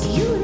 it's you